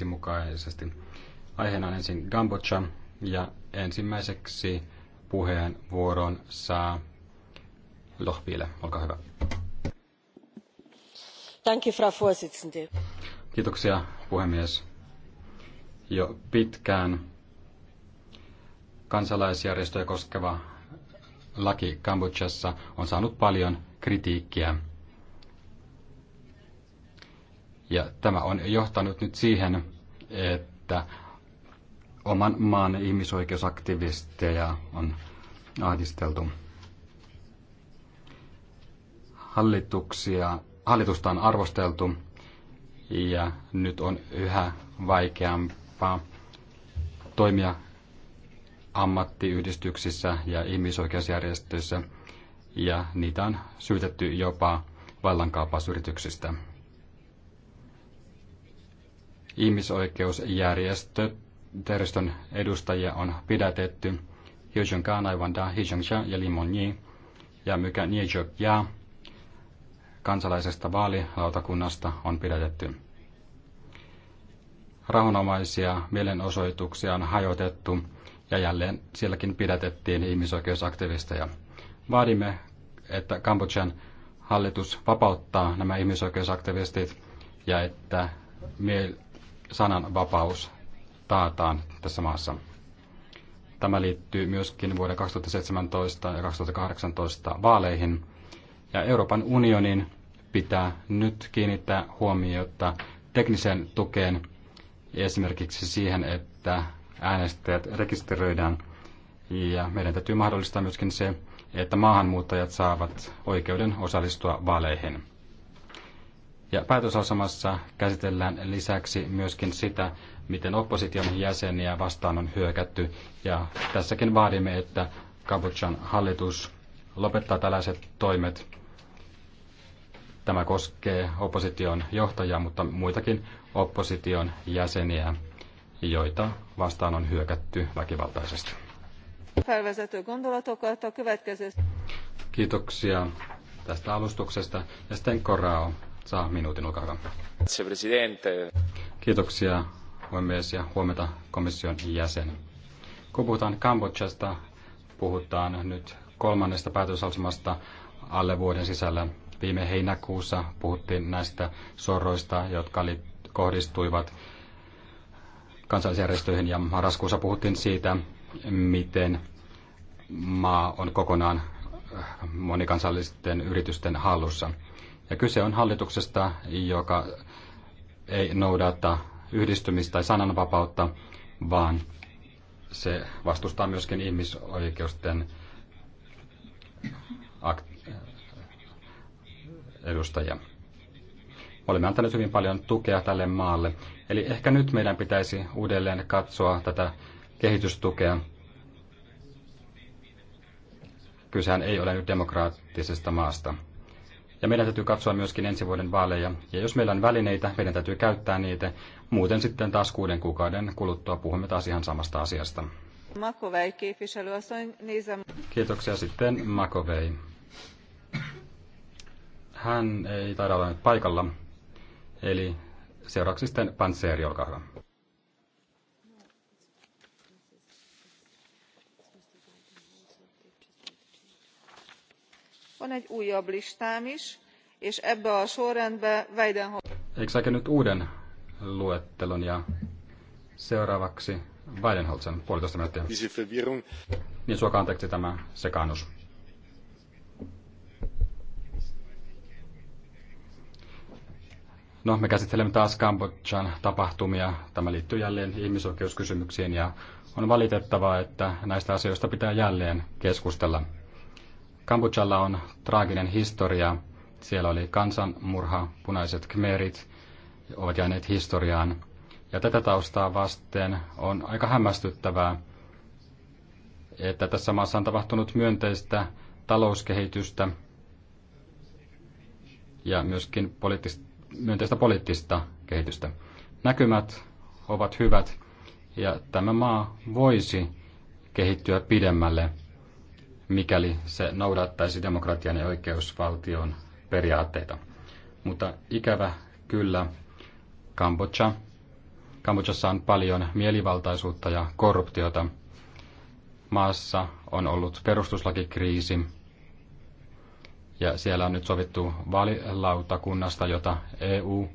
prosessin mukaisesti. Aiheena on ensin Gambocha ja ensimmäiseksi puheenvuoron saa Lohpiile. Olkaa hyvä. Danke, Frau Vorsitzende. Kiitoksia, puhemies. Jo pitkään kansalaisjärjestöjä koskeva laki Kambodžassa on saanut paljon kritiikkiä – ja tämä on johtanut nyt siihen, että oman maan ihmisoikeusaktivisteja on ahdisteltu. Hallituksia, hallitusta on arvosteltu ja nyt on yhä vaikeampaa toimia ammattiyhdistyksissä ja ihmisoikeusjärjestöissä ja niitä on syytetty jopa vallankaapausyrityksistä ihmisoikeusjärjestö edustajia on pidätetty. Hyojun Kaanaivanda, Hijongsha ja Limonji ja Mykä Niejok Ja kansalaisesta vaalilautakunnasta on pidätetty. Rahonomaisia mielenosoituksia on hajotettu ja jälleen sielläkin pidätettiin ihmisoikeusaktivisteja. Vaadimme, että Kambodjan hallitus vapauttaa nämä ihmisoikeusaktivistit ja että miel- sananvapaus taataan tässä maassa. Tämä liittyy myöskin vuoden 2017 ja 2018 vaaleihin. Ja Euroopan unionin pitää nyt kiinnittää huomiota tekniseen tukeen, esimerkiksi siihen, että äänestäjät rekisteröidään. Ja meidän täytyy mahdollistaa myöskin se, että maahanmuuttajat saavat oikeuden osallistua vaaleihin. Ja päätösasemassa käsitellään lisäksi myöskin sitä, miten opposition jäseniä vastaan on hyökätty. Ja tässäkin vaadimme, että Kabutsan hallitus lopettaa tällaiset toimet. Tämä koskee opposition johtajaa, mutta muitakin opposition jäseniä, joita vastaan on hyökätty väkivaltaisesti. Kiitoksia tästä alustuksesta. Ja sitten Korao saa minuutin, olkaa hyvä. Kiitoksia puhemies ja huomenta komission jäsen. Kun puhutaan Kambodžasta, puhutaan nyt kolmannesta päätösasemasta alle vuoden sisällä. Viime heinäkuussa puhuttiin näistä sorroista, jotka li- kohdistuivat kansallisjärjestöihin ja marraskuussa puhuttiin siitä, miten maa on kokonaan äh, monikansallisten yritysten hallussa. Ja kyse on hallituksesta, joka ei noudata yhdistymis- tai sananvapautta, vaan se vastustaa myöskin ihmisoikeusten edustajia. Olemme antaneet hyvin paljon tukea tälle maalle. Eli ehkä nyt meidän pitäisi uudelleen katsoa tätä kehitystukea. Kysehän ei ole nyt demokraattisesta maasta. Ja meidän täytyy katsoa myöskin ensi vuoden vaaleja. Ja jos meillä on välineitä, meidän täytyy käyttää niitä. Muuten sitten taas kuuden kuukauden kuluttua puhumme taas ihan samasta asiasta. Kiitoksia sitten Makovei. Hän ei taida olla nyt paikalla. Eli seuraavaksi sitten Panseri, olkaa hyvä. Van egy újabb listám is, és ebbe a sorrendbe Weidenholzer. Eikö saakin nyt uuden luettelon ja seuraavaksi Weidenholzen puolitoista minuuttia. Niin suokaa anteeksi tämä sekaannus. No, me käsittelemme taas Kambodjan tapahtumia. Tämä liittyy jälleen ihmisoikeuskysymyksiin ja on valitettavaa, että näistä asioista pitää jälleen keskustella. Kambodžalla on traaginen historia. Siellä oli kansanmurha, punaiset khmerit ovat jääneet historiaan. Ja tätä taustaa vasten on aika hämmästyttävää, että tässä maassa on tapahtunut myönteistä talouskehitystä ja myöskin poliittista, myönteistä poliittista kehitystä. Näkymät ovat hyvät ja tämä maa voisi kehittyä pidemmälle mikäli se noudattaisi demokratian ja oikeusvaltion periaatteita. Mutta ikävä kyllä, Kambodža. Kambodžassa on paljon mielivaltaisuutta ja korruptiota. Maassa on ollut perustuslakikriisi ja siellä on nyt sovittu vaalilautakunnasta, jota EU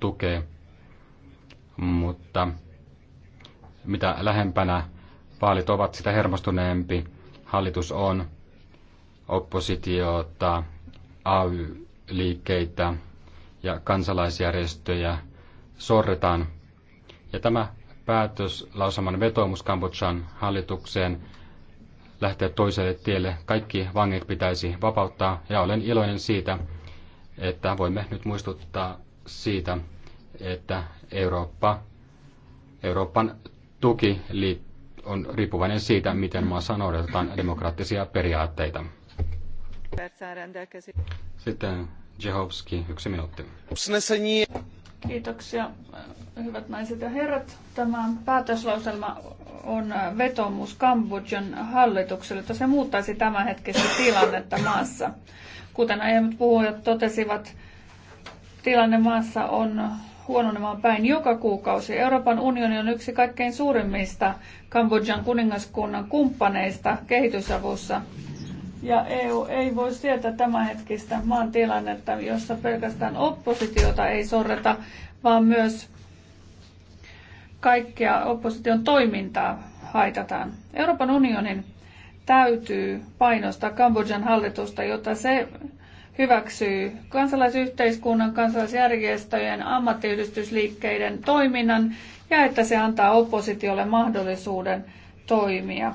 tukee. Mutta mitä lähempänä vaalit ovat, sitä hermostuneempi hallitus on oppositiota, AY-liikkeitä ja kansalaisjärjestöjä sorretaan. Ja tämä päätös, lausaman vetoomus Kambodjan hallitukseen lähteä toiselle tielle. Kaikki vangit pitäisi vapauttaa ja olen iloinen siitä, että voimme nyt muistuttaa siitä, että Eurooppa, Euroopan tuki liittyy on riippuvainen siitä, miten maassa noudatetaan demokraattisia periaatteita. Sitten Jehovski, yksi minuutti. Kiitoksia, hyvät naiset ja herrat. Tämä päätöslauselma on vetomus Kambodjan hallitukselle, että se muuttaisi hetkessä tilannetta maassa. Kuten aiemmat puhujat totesivat, tilanne maassa on huononemaan päin joka kuukausi. Euroopan unioni on yksi kaikkein suurimmista Kambodjan kuningaskunnan kumppaneista kehitysavussa. Ja EU ei voi sietää tämänhetkistä maan tilannetta, jossa pelkästään oppositiota ei sorreta, vaan myös kaikkea opposition toimintaa haitataan. Euroopan unionin täytyy painostaa Kambodjan hallitusta, jotta se hyväksyy kansalaisyhteiskunnan, kansalaisjärjestöjen, ammattiyhdistysliikkeiden toiminnan ja että se antaa oppositiolle mahdollisuuden toimia.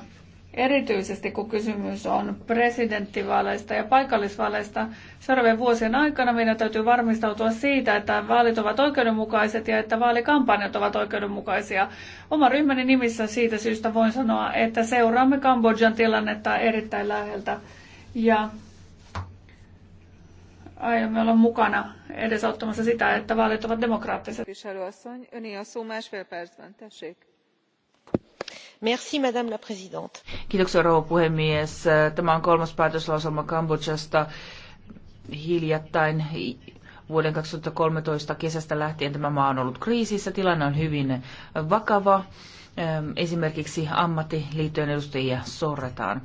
Erityisesti kun kysymys on presidenttivaaleista ja paikallisvaaleista, seuraavien vuosien aikana meidän täytyy varmistautua siitä, että vaalit ovat oikeudenmukaiset ja että vaalikampanjat ovat oikeudenmukaisia. Oma ryhmäni nimissä siitä syystä voin sanoa, että seuraamme Kambodjan tilannetta erittäin läheltä ja aiomme olla mukana edesauttamassa sitä, että vaalit ovat demokraattiset. Merci, Madame la Présidente. Kiitoksia, rouva puhemies. Tämä on kolmas päätöslauselma Kambodžasta hiljattain vuoden 2013 kesästä lähtien tämä maa on ollut kriisissä. Tilanne on hyvin vakava. Ehm, esimerkiksi ammattiliittojen edustajia sorretaan.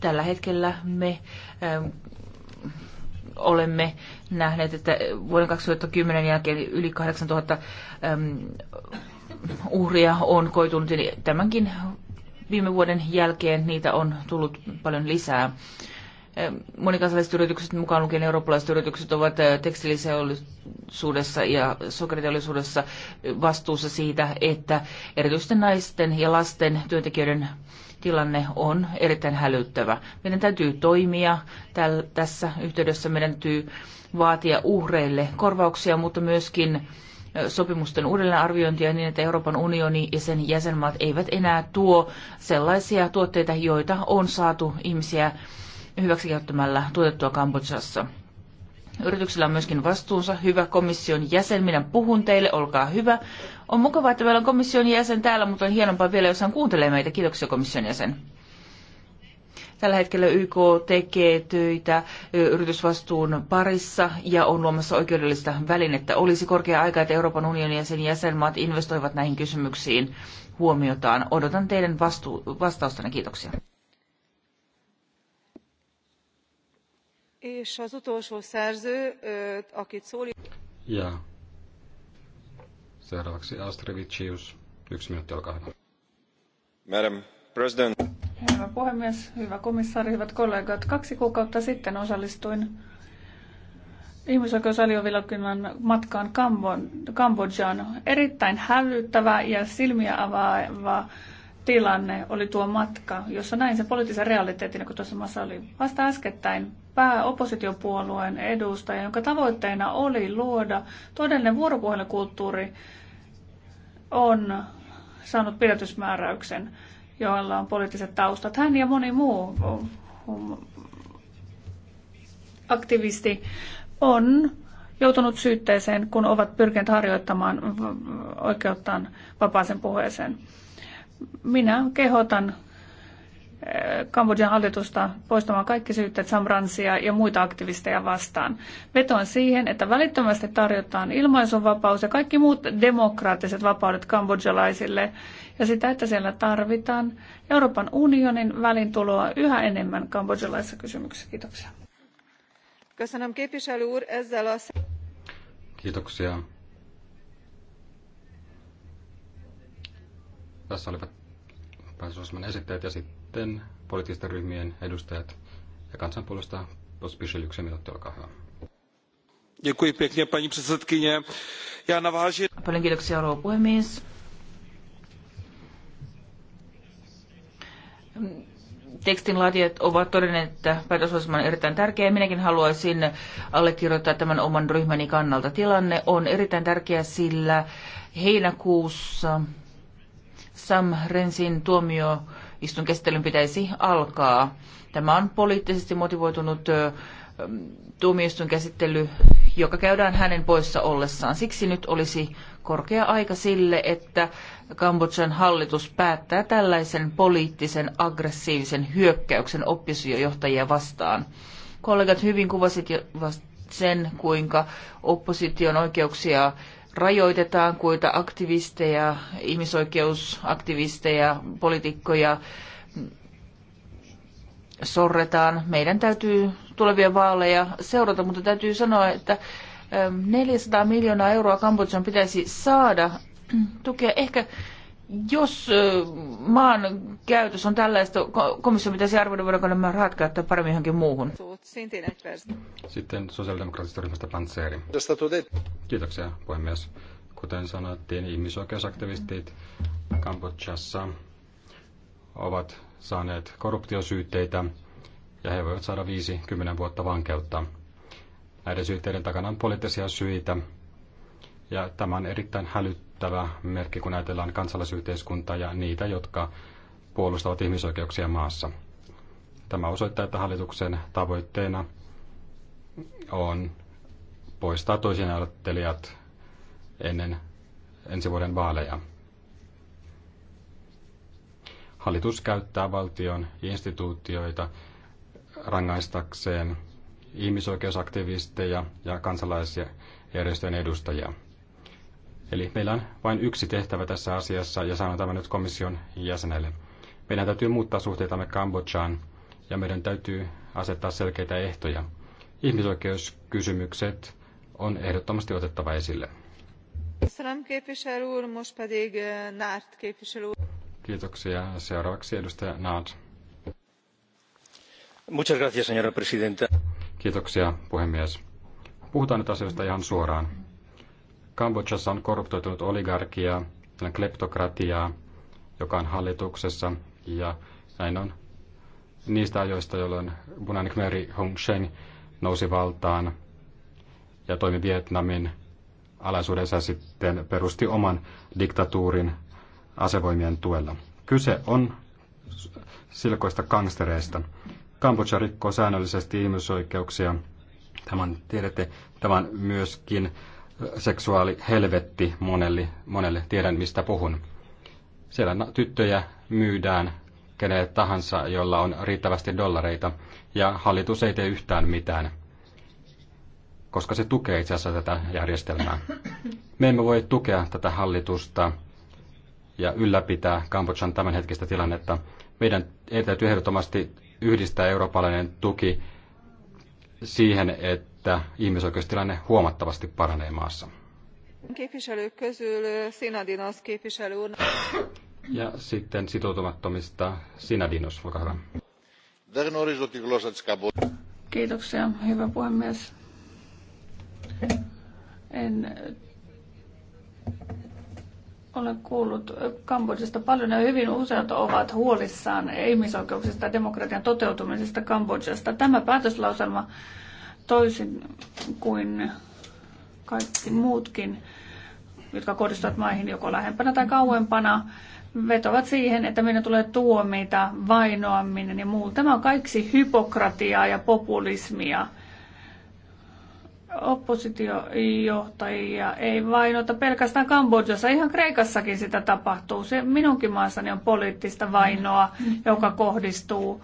Tällä hetkellä me ähm, olemme nähneet, että vuoden 2010 jälkeen yli 8000 ähm, uhria on koitunut. Eli tämänkin viime vuoden jälkeen niitä on tullut paljon lisää. Ähm, monikansalliset yritykset, mukaan lukien eurooppalaiset yritykset, ovat äh, tekstiliseollisuudessa ja sokeriteollisuudessa vastuussa siitä, että erityisesti naisten ja lasten työntekijöiden tilanne on erittäin hälyttävä. Meidän täytyy toimia täl, tässä yhteydessä, meidän täytyy vaatia uhreille korvauksia, mutta myöskin sopimusten uudelleenarviointia niin, että Euroopan unioni ja sen jäsenmaat eivät enää tuo sellaisia tuotteita, joita on saatu ihmisiä hyväksikäyttämällä tuotettua Kambodžassa. Yrityksillä on myöskin vastuunsa. Hyvä komission jäsen, minä puhun teille, olkaa hyvä. On mukavaa, että meillä on komission jäsen täällä, mutta on hienompaa vielä, jos hän kuuntelee meitä. Kiitoksia komission jäsen. Tällä hetkellä YK tekee töitä yritysvastuun parissa ja on luomassa oikeudellista välinettä. Olisi korkea aika, että Euroopan unionin ja sen jäsenmaat investoivat näihin kysymyksiin huomiotaan. Odotan teidän vastu- vastaustanne. Kiitoksia. És az utolsó szerző, akit szóli... Ja. Seuraavaksi Astrevicius. Yksi minuutti, olkaa hyvä. Madam President. Hyvä puhemies, hyvä komissaari, hyvät kollegat. Kaksi kuukautta sitten osallistuin ihmisoikeusaliovillokynnan matkaan Kambodžaan. Erittäin hälyttävä ja silmiä avaava tilanne oli tuo matka, jossa näin se poliittisen realiteetin, kun tuossa maassa oli. Vasta äskettäin pääoppositiopuolueen edustaja, jonka tavoitteena oli luoda todellinen vuoropuhelukulttuuri, on saanut pidätysmääräyksen, joilla on poliittiset taustat. Hän ja moni muu aktivisti on joutunut syytteeseen, kun ovat pyrkineet harjoittamaan oikeuttaan vapaaseen puheeseen. Minä kehotan Kambodjan hallitusta poistamaan kaikki syytteet Samransia ja muita aktivisteja vastaan. Vetoan siihen, että välittömästi tarjotaan ilmaisunvapaus ja kaikki muut demokraattiset vapaudet kambodjalaisille ja sitä, että siellä tarvitaan Euroopan unionin välintuloa yhä enemmän kambodjalaisissa kysymyksissä. Kiitoksia. Kiitoksia. Tässä olivat päätösosman esittäjät ja sitten poliittisten ryhmien edustajat ja kansanpuolesta puolesta Pospisil yksi minuutti, olkaa hyvä. Děkuji pěkně, paní předsedkyně. Já navážu. Paljon kiitoksia, rouva puhemies. laatijat ovat todenneet, että päätösohjelma on erittäin tärkeä. Minäkin haluaisin allekirjoittaa tämän oman ryhmäni kannalta. Tilanne on erittäin tärkeä, sillä heinäkuussa Sam Rensin tuomioistun käsittelyn pitäisi alkaa. Tämä on poliittisesti motivoitunut tuomioistun käsittely, joka käydään hänen poissa ollessaan. Siksi nyt olisi korkea aika sille, että Kambodjan hallitus päättää tällaisen poliittisen aggressiivisen hyökkäyksen oppisiojohtajia vastaan. Kollegat hyvin kuvasivat sen, kuinka opposition oikeuksia rajoitetaan, kuinka aktivisteja, ihmisoikeusaktivisteja, poliitikkoja sorretaan. Meidän täytyy tulevia vaaleja seurata, mutta täytyy sanoa, että 400 ähm, miljoonaa euroa Kambodjan pitäisi saada tukea. Ehkä jos maan käytös on tällaista, komissio pitäisi arvioida, voidaanko nämä rahat käyttää paremmin johonkin muuhun. Sitten sosiaalidemokraattisesta ryhmästä Pantseeri. Kiitoksia, puhemies. Kuten sanottiin, ihmisoikeusaktivistit Kambodžassa ovat saaneet korruptiosyytteitä ja he voivat saada 50 vuotta vankeutta. Näiden syytteiden takana on poliittisia syitä, ja tämä on erittäin hälyttävä merkki, kun ajatellaan kansalaisyhteiskuntaa ja niitä, jotka puolustavat ihmisoikeuksia maassa. Tämä osoittaa, että hallituksen tavoitteena on poistaa toisen ajattelijat ennen ensi vuoden vaaleja. Hallitus käyttää valtion instituutioita rangaistakseen ihmisoikeusaktivisteja ja kansalaisjärjestöjen edustajia. Eli meillä on vain yksi tehtävä tässä asiassa ja sanon tämän nyt komission jäsenelle. Meidän täytyy muuttaa suhteitamme Kambodžaan ja meidän täytyy asettaa selkeitä ehtoja. Ihmisoikeuskysymykset on ehdottomasti otettava esille. Eh, Kiitoksia. Seuraavaksi edustaja Naad. Muchas gracias, señora presidenta. Kiitoksia, puhemies. Puhutaan nyt asioista ihan suoraan. Kambodžassa on korruptoitunut oligarkia, on kleptokratiaa, joka on hallituksessa, ja näin on niistä ajoista, jolloin Bunan Khmeri Hong Sheng nousi valtaan ja toimi Vietnamin alaisuudessa sitten perusti oman diktatuurin asevoimien tuella. Kyse on silkoista gangstereista. Kambodža rikkoo säännöllisesti ihmisoikeuksia. Tämän tiedätte, tämän myöskin seksuaalihelvetti monelle, monelle, tiedän mistä puhun. Siellä tyttöjä myydään kenelle tahansa, jolla on riittävästi dollareita, ja hallitus ei tee yhtään mitään, koska se tukee itse asiassa tätä järjestelmää. Me emme voi tukea tätä hallitusta ja ylläpitää Kambodjan tämänhetkistä tilannetta. Meidän ei täytyy ehdottomasti yhdistää eurooppalainen tuki siihen, että että ihmisoikeustilanne huomattavasti paranee maassa. Ja sitten sitoutumattomista Sinadinos, olkaa hyvä. Kiitoksia, hyvä puhemies. En olen kuullut Kambodžasta paljon ja hyvin useat ovat huolissaan ihmisoikeuksista ja demokratian toteutumisesta Kambodžasta. Tämä päätöslauselma toisin kuin kaikki muutkin, jotka kohdistuvat maihin joko lähempänä tai kauempana, vetovat siihen, että minne tulee tuomita vainoaminen ja muu. Tämä on kaikki hypokratiaa ja populismia. Oppositiojohtajia ei vainota pelkästään Kambodjassa, ihan Kreikassakin sitä tapahtuu. Se minunkin maassani on poliittista vainoa, joka kohdistuu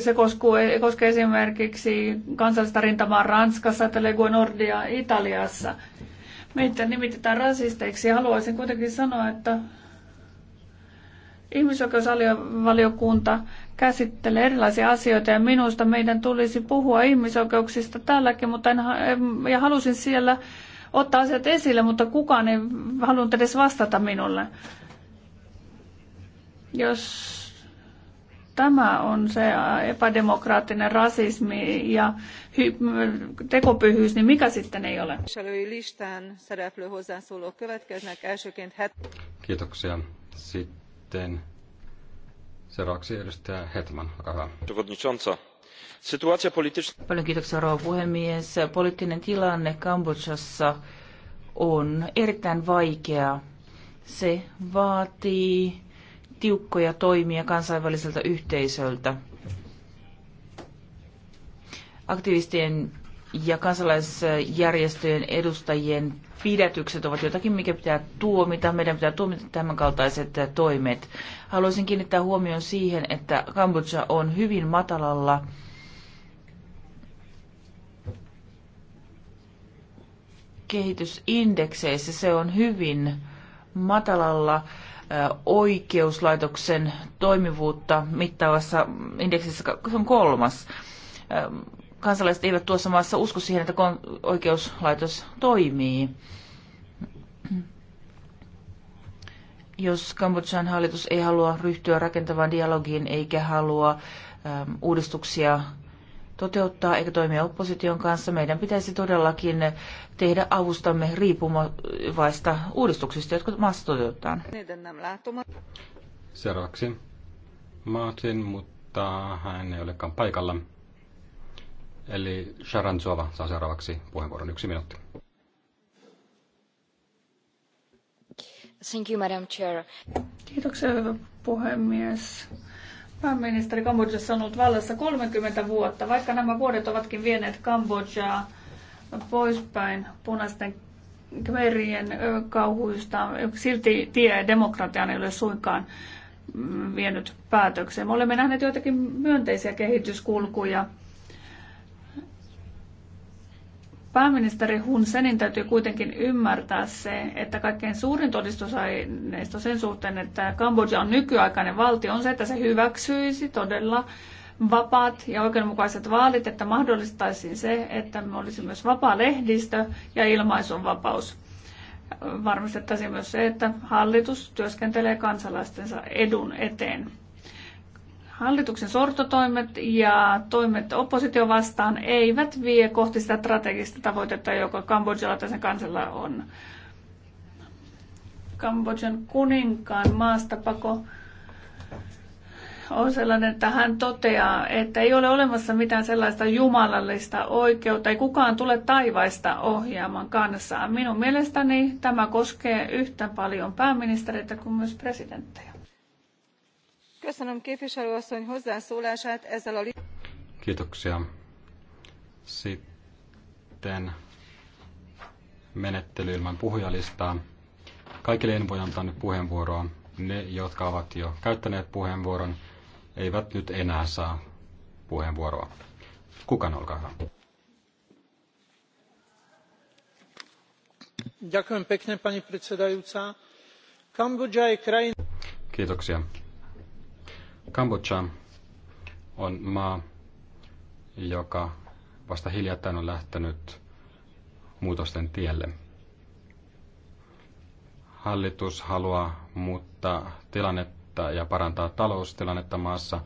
se e, koskee, esimerkiksi kansallista rintamaa Ranskassa, Telegu Nordia Italiassa. Meitä nimitetään rasisteiksi. Haluaisin kuitenkin sanoa, että ihmisoikeusvaliokunta käsittelee erilaisia asioita ja minusta meidän tulisi puhua ihmisoikeuksista täälläkin, mutta en, ja halusin siellä ottaa asiat esille, mutta kukaan ei halunnut edes vastata minulle. Jos Tämä on se epädemokraattinen rasismi ja hy- tekopyhyys, niin mikä sitten ei ole? Kiitoksia. Sitten seuraavaksi edustaja Hetman, olkaa hyvä. Paljon kiitoksia, rouva puhemies. Poliittinen tilanne Kambodžassa on erittäin vaikea. Se vaatii tiukkoja toimia kansainväliseltä yhteisöltä. Aktivistien ja kansalaisjärjestöjen edustajien pidätykset ovat jotakin, mikä pitää tuomita. Meidän pitää tuomita tämänkaltaiset toimet. Haluaisin kiinnittää huomioon siihen, että Kambodža on hyvin matalalla kehitysindekseissä. Se on hyvin matalalla oikeuslaitoksen toimivuutta mittaavassa indeksissä, se on kolmas. Kansalaiset eivät tuossa maassa usko siihen, että oikeuslaitos toimii. Jos Kambodjan hallitus ei halua ryhtyä rakentavaan dialogiin eikä halua uudistuksia toteuttaa eikä toimia opposition kanssa. Meidän pitäisi todellakin tehdä avustamme riippuvaista uudistuksista, jotka maassa toteuttaa. Seuraavaksi Martin, mutta hän ei olekaan paikalla. Eli Sharan Zova saa seuraavaksi puheenvuoron yksi minuutti. Thank you, Madam Chair. Kiitoksia, hyvä puhemies. Pääministeri Kambodžassa on ollut vallassa 30 vuotta, vaikka nämä vuodet ovatkin vieneet Kambodžaa poispäin punaisten kmerien kauhuista. Silti tie demokratiaan ei ole suinkaan mm, vienyt päätökseen. Me olemme nähneet joitakin myönteisiä kehityskulkuja Pääministeri Hun Senin täytyy kuitenkin ymmärtää se, että kaikkein suurin todistusaineisto sen suhteen, että Kambodža on nykyaikainen valtio, on se, että se hyväksyisi todella vapaat ja oikeudenmukaiset vaalit, että mahdollistaisiin se, että me olisi myös vapaa lehdistö ja ilmaisunvapaus. Varmistettaisiin myös se, että hallitus työskentelee kansalaistensa edun eteen. Hallituksen sortotoimet ja toimet oppositio vastaan eivät vie kohti sitä strategista tavoitetta, joka Kambodjalla tai sen kansalla on. Kambodjan kuninkaan maastapako on sellainen, että hän toteaa, että ei ole olemassa mitään sellaista jumalallista oikeutta, ei kukaan tule taivaista ohjaamaan kansaa. Minun mielestäni tämä koskee yhtä paljon pääministeriä kuin myös presidenttejä. Köszönöm képviselő asszony hozzászólását ezzel a... Kiitoksia. Sitten menettely ilman puhujalistaa. Kaikille en voi antaa nyt puheenvuoroa. Ne, jotka ovat jo käyttäneet puheenvuoron, eivät nyt enää saa puheenvuoroa. Kuka olkaa hyvä. Ďakujem pekne, pani predsedajúca. Kambodža je krajina... Kiitoksia Kambodža on maa, joka vasta hiljattain on lähtenyt muutosten tielle. Hallitus haluaa muuttaa tilannetta ja parantaa taloustilannetta maassa,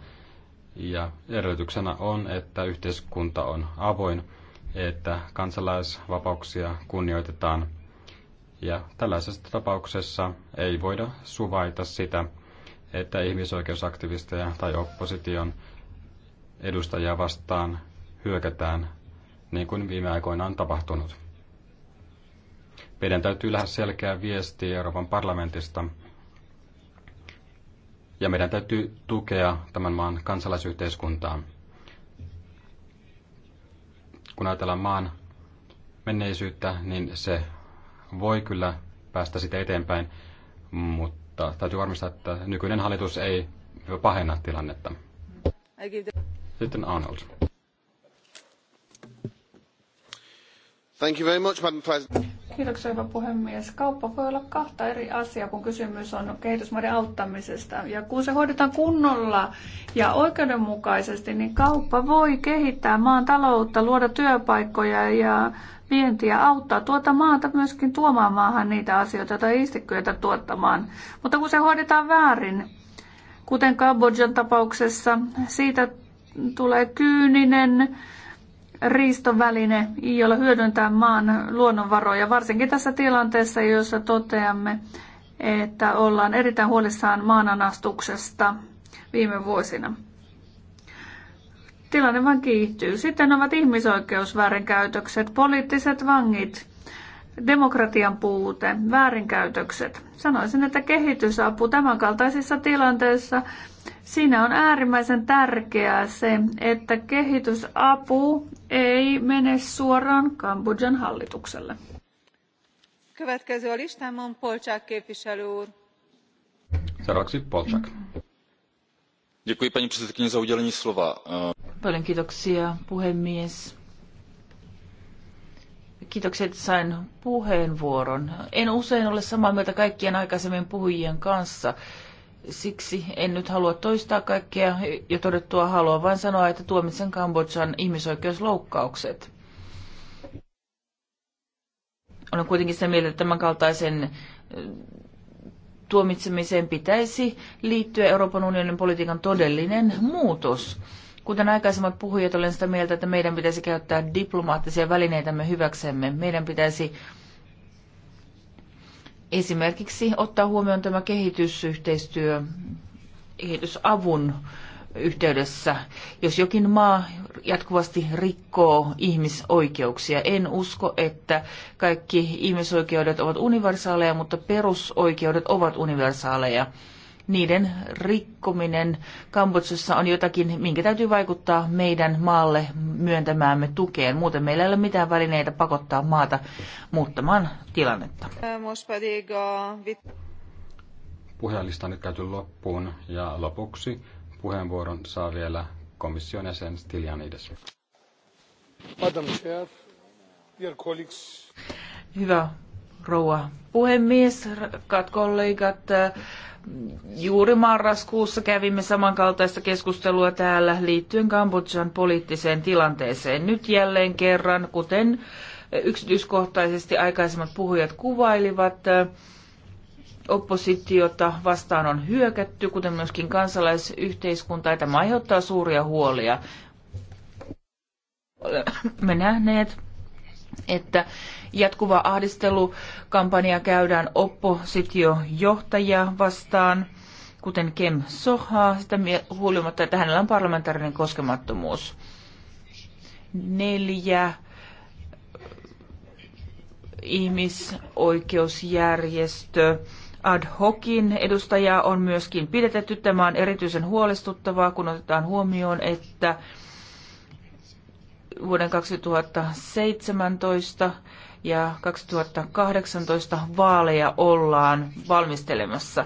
ja edellytyksenä on, että yhteiskunta on avoin, että kansalaisvapauksia kunnioitetaan, ja tällaisessa tapauksessa ei voida suvaita sitä, että ihmisoikeusaktivisteja tai opposition edustajia vastaan hyökätään, niin kuin viime aikoina on tapahtunut. Meidän täytyy lähes selkeä viesti Euroopan parlamentista, ja meidän täytyy tukea tämän maan kansalaisyhteiskuntaa. Kun ajatellaan maan menneisyyttä, niin se voi kyllä päästä sitä eteenpäin, mutta mutta täytyy varmistaa, että nykyinen hallitus ei pahenna tilannetta. Sitten Arnold. Thank you very much, Madam President. Kiitoksia, hyvä puhemies. Kauppa voi olla kahta eri asiaa, kun kysymys on kehitysmaiden auttamisesta. Ja kun se hoidetaan kunnolla ja oikeudenmukaisesti, niin kauppa voi kehittää maan taloutta, luoda työpaikkoja ja vientiä auttaa tuota maata myöskin tuomaan maahan niitä asioita, tai itse kyetä tuottamaan. Mutta kun se hoidetaan väärin, kuten Kambodjan tapauksessa, siitä tulee kyyninen riistoväline, jolla hyödyntää maan luonnonvaroja, varsinkin tässä tilanteessa, jossa toteamme, että ollaan erittäin huolissaan maananastuksesta viime vuosina tilanne vain kiihtyy. Sitten ovat ihmisoikeusväärinkäytökset, poliittiset vangit, demokratian puute, väärinkäytökset. Sanoisin, että kehitysapu tämänkaltaisissa tilanteissa, siinä on äärimmäisen tärkeää se, että kehitysapu ei mene suoraan Kambodjan hallitukselle. Következő a listámon Polcsák képviselő úr. Seuraavaksi Polcsák. Mm-hmm paní předsedající puhemies. Kiitokset, että sain puheenvuoron. En usein ole samaa mieltä kaikkien aikaisemmien puhujien kanssa. Siksi en nyt halua toistaa kaikkea jo todettua halua, vaan sanoa, että tuomitsen Kambodžan ihmisoikeusloukkaukset. Olen kuitenkin sitä mieltä, että tämänkaltaisen tuomitsemiseen pitäisi liittyä Euroopan unionin politiikan todellinen muutos. Kuten aikaisemmat puhujat, olen sitä mieltä, että meidän pitäisi käyttää diplomaattisia välineitämme hyväksemme. Meidän pitäisi esimerkiksi ottaa huomioon tämä kehitysyhteistyö, kehitysavun yhteydessä. Jos jokin maa jatkuvasti rikkoo ihmisoikeuksia, en usko, että kaikki ihmisoikeudet ovat universaaleja, mutta perusoikeudet ovat universaaleja. Niiden rikkominen Kambodsassa on jotakin, minkä täytyy vaikuttaa meidän maalle myöntämäämme tukeen. Muuten meillä ei ole mitään välineitä pakottaa maata muuttamaan tilannetta. Puheenlista on nyt käyty loppuun ja lopuksi puheenvuoron saa vielä komission jäsen Stylianides. Madam Chair, dear colleagues. Hyvä rouva puhemies, rakkaat kollegat. Juuri marraskuussa kävimme samankaltaista keskustelua täällä liittyen Kambodjan poliittiseen tilanteeseen. Nyt jälleen kerran, kuten yksityiskohtaisesti aikaisemmat puhujat kuvailivat, oppositiota vastaan on hyökätty, kuten myöskin kansalaisyhteiskuntaa. Tämä aiheuttaa suuria huolia. Olemme nähneet, että jatkuva ahdistelukampanja käydään oppositiojohtajia vastaan, kuten Kem Sohaa, sitä huolimatta, että hänellä on parlamentaarinen koskemattomuus. Neljä ihmisoikeusjärjestö ad hocin edustajaa on myöskin pidetetty. Tämä on erityisen huolestuttavaa, kun otetaan huomioon, että vuoden 2017 ja 2018 vaaleja ollaan valmistelemassa.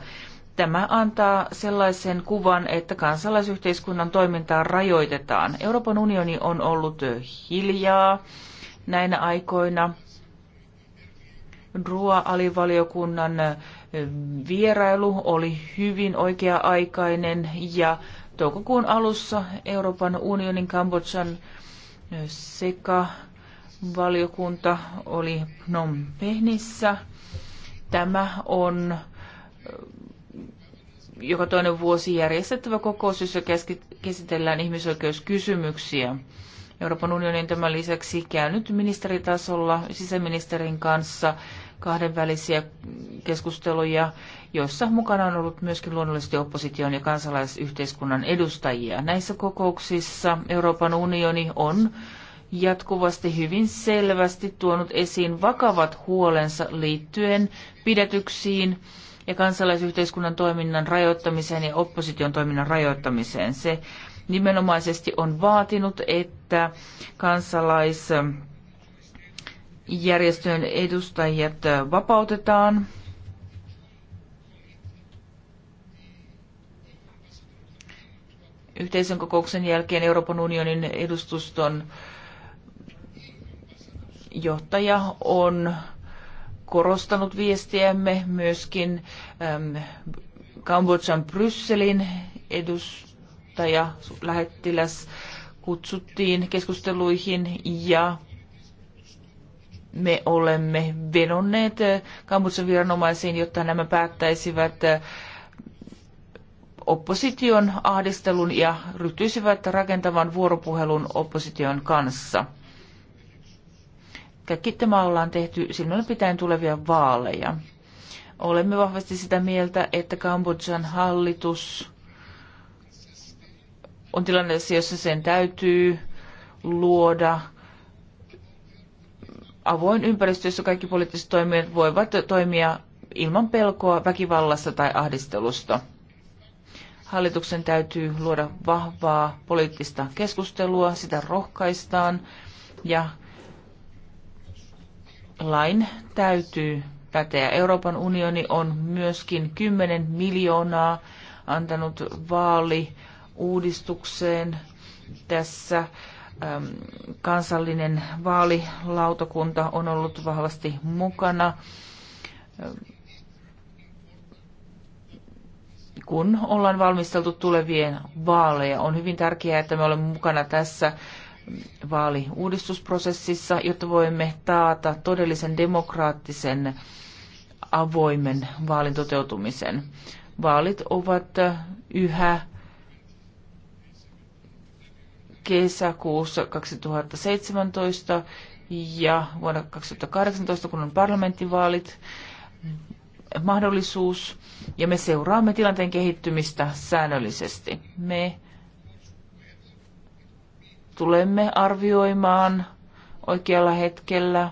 Tämä antaa sellaisen kuvan, että kansalaisyhteiskunnan toimintaa rajoitetaan. Euroopan unioni on ollut hiljaa näinä aikoina. Ruoalivaliokunnan alivaliokunnan vierailu oli hyvin oikea-aikainen ja toukokuun alussa Euroopan unionin Kambodžan sekä valiokunta oli Phnom Penhissä. Tämä on joka toinen vuosi järjestettävä kokous, jossa käsitellään ihmisoikeuskysymyksiä. Euroopan unionin tämän lisäksi käynyt ministeritasolla sisäministerin kanssa kahdenvälisiä keskusteluja, joissa mukana on ollut myöskin luonnollisesti opposition ja kansalaisyhteiskunnan edustajia. Näissä kokouksissa Euroopan unioni on jatkuvasti hyvin selvästi tuonut esiin vakavat huolensa liittyen pidätyksiin ja kansalaisyhteiskunnan toiminnan rajoittamiseen ja opposition toiminnan rajoittamiseen. Se nimenomaisesti on vaatinut, että kansalais järjestöjen edustajat äh, vapautetaan. Yhteisen kokouksen jälkeen Euroopan unionin edustuston johtaja on korostanut viestiämme myöskin äm, Kambodjan Brysselin edustaja, lähettiläs kutsuttiin keskusteluihin ja me olemme vedonneet eh, Kambutsan viranomaisiin, jotta nämä päättäisivät eh, opposition ahdistelun ja ryhtyisivät rakentavan vuoropuhelun opposition kanssa. Kaikki tämä ollaan tehty silmällä pitäen tulevia vaaleja. Olemme vahvasti sitä mieltä, että Kambodjan hallitus on tilanteessa, jossa sen täytyy luoda avoin ympäristö, jossa kaikki poliittiset toimijat voivat toimia ilman pelkoa väkivallasta tai ahdistelusta. Hallituksen täytyy luoda vahvaa poliittista keskustelua, sitä rohkaistaan ja lain täytyy päteä. Euroopan unioni on myöskin 10 miljoonaa antanut vaali uudistukseen tässä Ähm, kansallinen vaalilautakunta on ollut vahvasti mukana, ähm, kun ollaan valmisteltu tulevien vaaleja. On hyvin tärkeää, että me olemme mukana tässä vaaliuudistusprosessissa, jotta voimme taata todellisen demokraattisen avoimen vaalin toteutumisen. Vaalit ovat yhä kesäkuussa 2017 ja vuonna 2018, kun on parlamenttivaalit, mahdollisuus ja me seuraamme tilanteen kehittymistä säännöllisesti. Me tulemme arvioimaan oikealla hetkellä,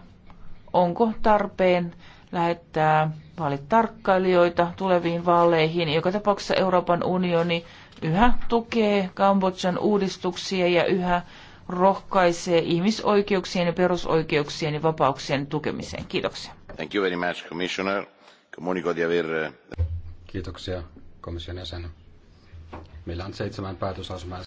onko tarpeen lähettää vaalitarkkailijoita tuleviin vaaleihin. Joka tapauksessa Euroopan unioni yhä tukee Kambodjan uudistuksia ja yhä rohkaisee ihmisoikeuksien ja perusoikeuksien ja vapauksien tukemiseen. Kiitoksia. Thank you very much, Commissioner. Comunico di aver... Eh, Kiitoksia komission jäsen. Meillä on seitsemän päätösasmaa.